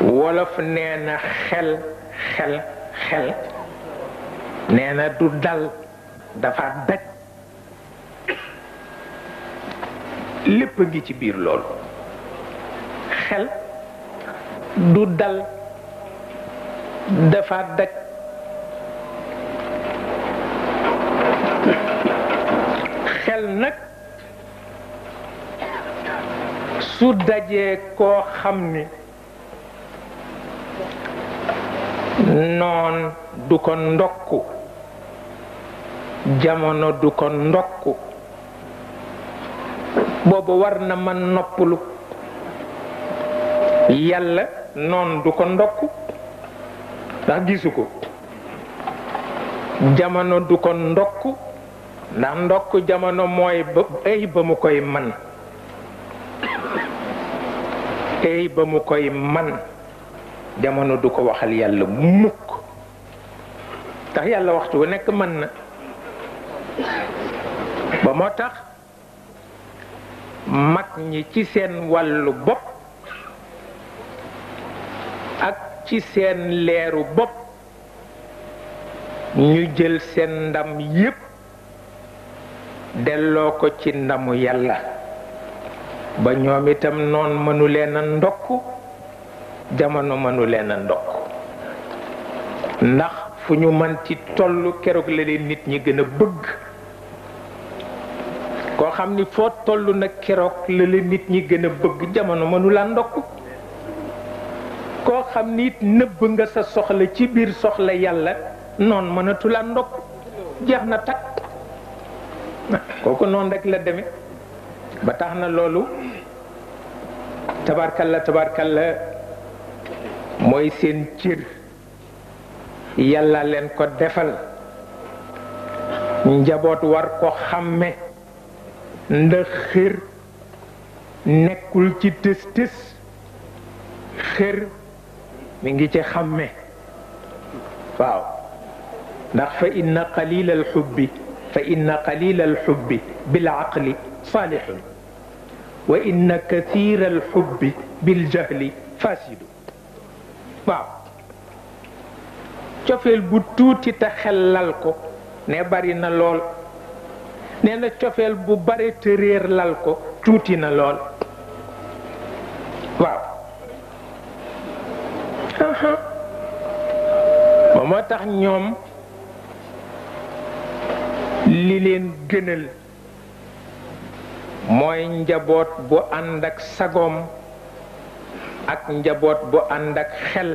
wolof nee na xel xel xel nee na du dal dafa daj lépp gi ci biir loolu xel du dal dafa daj xel nag su dajee koo xam ni noon du ko ndokk jamono du ko ndokku boobu war na man noppalu yàlla noon du ko ndokk ndax gisu ko jamono du ko ndokk ndax ndokku jamono mooy ba ay ba mu koy man ay ba mu koy man jamono du ko waxal yalla mukk tax yalla waxtu mana? nek man na ba moo tax mag ñi ci seen walu bop ak ci seen leeru bop ñu jël seen ndam yépp dello ko ci ndamu yalla ba ñoom itam noon mënu leen ndokku jamono mënu leen a ndokk ndax fu ñu mën ci tollu keroog la leen nit ñi gën a bëgg koo xam ni foo toll nag keroog la leen nit ñi gën a bëgg jamono mënu la ndokk koo xam ni nëbb nga sa soxla ci biir soxla yàlla noon mënatu la ndokk jeex na takk kooku noonu rek la demee ba tax na loolu tabarkalla tabarkalla mooy seen cër yàlla leen ko defal njaboot war ko xàmme ndax xër nekkul ci tës tës xër mi ngi ci xàmme waaw ndax fa inna qalila al xubbi fa inna qalila al xubbi wa inna kathira al xubbi bil jahli faasidu waaw cofeel bu tuuti te xel lal ko ne bari na lool nee cofeel bu bare te lal ko tuuti na lool waaw ba moo tax ñoom li leen gënal mooy njaboot bu ànd ak sagoom ak njaboot bu ànd xel